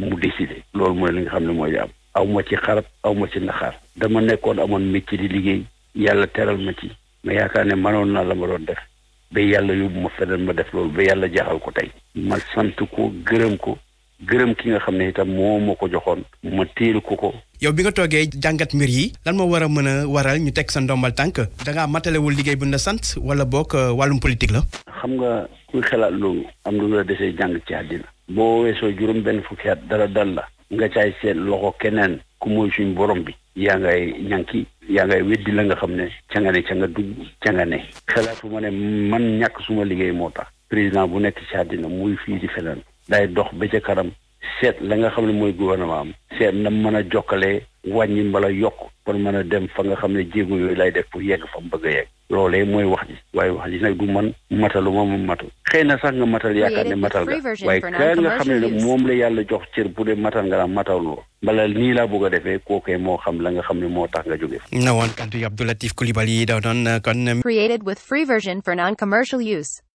mu décidé loolu mooy li nga xam ne mooy li am aw ma ci xarab aw ma ci naxaar dama nekkoon amoon métier di liggéey yàlla teral ma ci ma yaakaar ne manoon naa la ma doon def ba yàlla yóbbu ma feneen ma def loolu ba yàlla jaaxal ko tey ma sant ko gërëm ko gërëm ki nga xam ne itam moo ma ko joxoon ma téel ko ko yow bi nga toogee jàngat mbir yi lan moo war a mën a waral ñu teg sa ndombal tànk dangaa matalewul liggéey bu ñu la sant wala boog euh, wàllum politique la xam nga kuy xalaat loolu am lu la desee jàng ci àddina boo weesoo juróom benn fukki at dara dal la nga caay seet loxo keneen ku mooy suñ borom bi yaa ngay ñanki yaa ngay weddi la nga xam ne ca nga ne ca nga dugg ca nga ne xalaatu ma ne man ñàkk suma liggéey moo tax président bu nekk ci àddina muy fii di feneen day dox ba ca kanam seet la nga xam ne mooy gouvernement am seet na mën a jokkalee wàññi mbala yokk pour mën a dem fa nga xam ne jéego yooyu lay def pour yegg fa mu bëgg a loolee mooy wax ji waaye wax ji nag du man matalu ma moom matal xëy na sax nga matal yaakaar ne matal nga waaye ka nga xam ne nag moom la yàlla jox cër bu dee matal nga naan matal loo mbala nii laa bëgg a defee kookee moo xam la nga xam ne moo tax nga jóge fa. na woon kaddu yi Abdou Latif Coulibaly yi daaw doon kon. Created with free version for non-commercial use.